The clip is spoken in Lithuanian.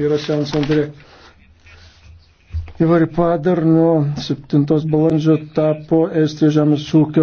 yra Seans Andrė. Ivari Padar nuo 7 balandžio tapo Estijos žemės ūkio